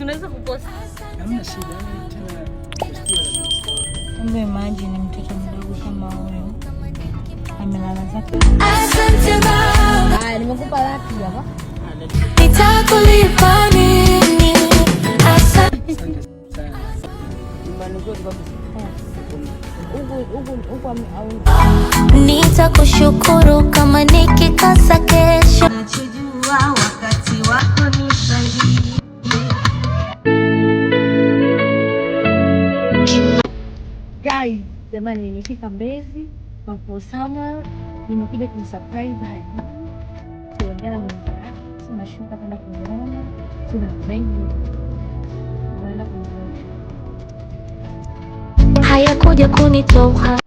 tunaweza kupost. Hamna shida, tena imagine mtoto mdogo kama huyo amelala zake. Ah, nimekupa wapi hapa? Nitakulipa nini? Nitakushukuru kama nikikasa kesho Jamani, nimefika Mbezi kwa Mfulsama, nimekuja kumsurprise Haji kuongea na mwenza Hayakuja kunitoa,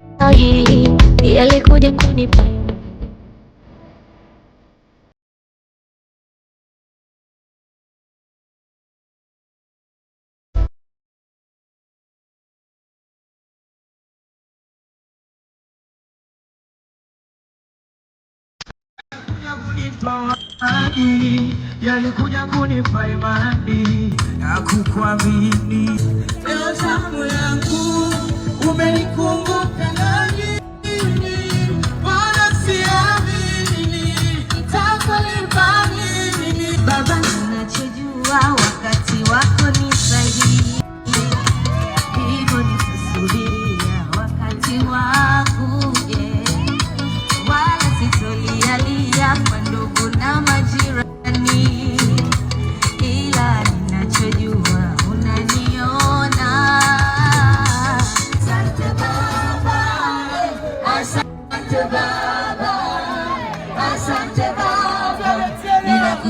yalikuja kunipa maadili yalikuja kunipa imani na kukuamini. Leo yangu umenikumbuka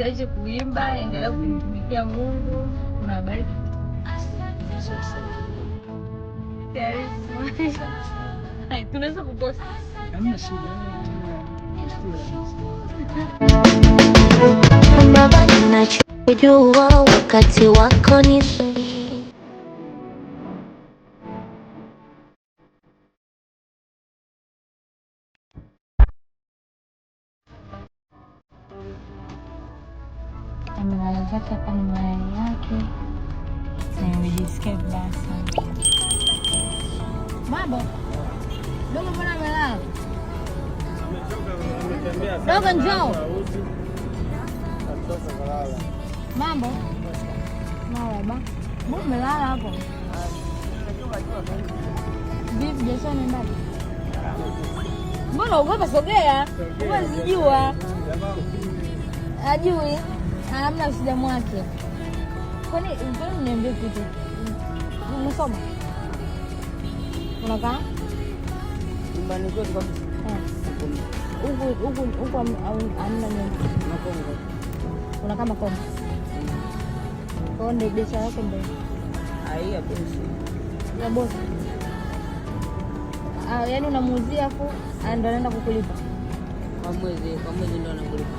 usiache kuimba, endelea kumtumikia Mungu. Kuna tunaweza kuposti, hamna shida. Ninachojua wakati wako ni sasa hapa ni yake na nimejisikia vibaya sana. Mambo dogo, mbona amelala dogo? Njoo mambo malaba, mbona umelala hapo? Vipi biashara inaendaje? Mbona ugopa? Sogea, huwezi jua, ajui hamna ah, shida mwake. Kwani niambie kitu, umesoma? Unakaa nyumbani kwetu ah. huku, hamna nyumba, unakaa Makongo kwao, ndio biashara yako mbele ya bosi. Ah, yaani unamuuzia afu ndo anaenda kukulipa kwa mwezi, kwa mwezi ndo anakulipa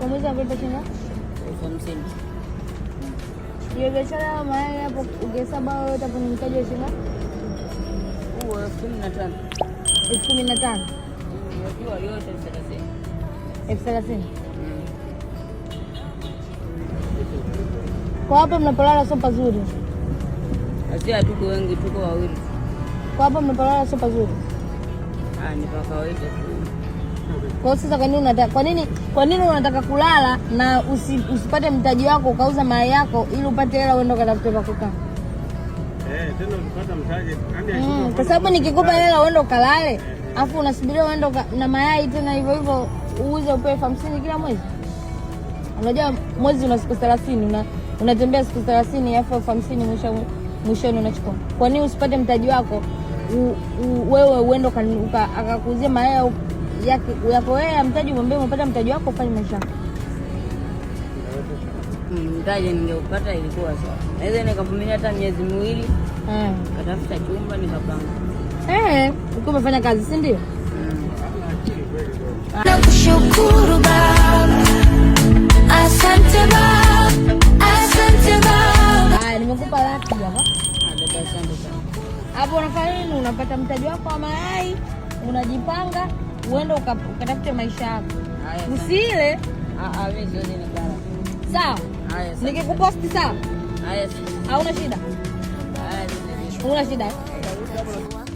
kwa mwezi, anakulipa chenga hamsini. Hiyo biashara mayai hapo ungesaba wewe utapunguzaje shilingi? Huo elfu kumi na tano. Elfu kumi na tano. yote elfu thelathini. Kwa hapa mnapolala sio pazuri. Asi hatuko wengi, tuko wawili. Kwa hapa mnapolala sio pazuri. Ah, ni kwa kawaida tu. Kwa hiyo sasa, kwa nini unataka kwa nini kwa nini unataka kulala na usi, usipate mtaji wako ukauza mayai yako ili upate hela uende ukatafute pa kukaa? Eh, tena mtaji mm, kwa sababu nikikupa hela uende ukalale eh. afu unasubiria uende na mayai tena hivyo hivyo uuze upewe elfu hamsini kila mwezi. Unajua mwezi una siku thelathini una, unatembea siku thelathini afu elfu hamsini mwisho mwishoni unachukua. Kwa nini usipate mtaji wako wewe uende akakuuzia mayai yako wewe ya mtaji, mwambie umepata mtaji wako, ufanye maisha mm, mtaji ningeupata ilikuwa sawa, naweza nikavumilia hata miezi miwili eh. Katafuta chumba nikapanga. Eh, uko umefanya kazi si ndio? Mm. Nakushukuru Baba, asante Baba, asante Baba. Haya, nimekupa laki hapa. Ah, Hapo unafanya nini? Unapata mtaji wako wa mayai, unajipanga uende ukatafute maisha yako, usiile ah, ah, sawa. Nikikuposti sawa, hauna shida, una shida eh?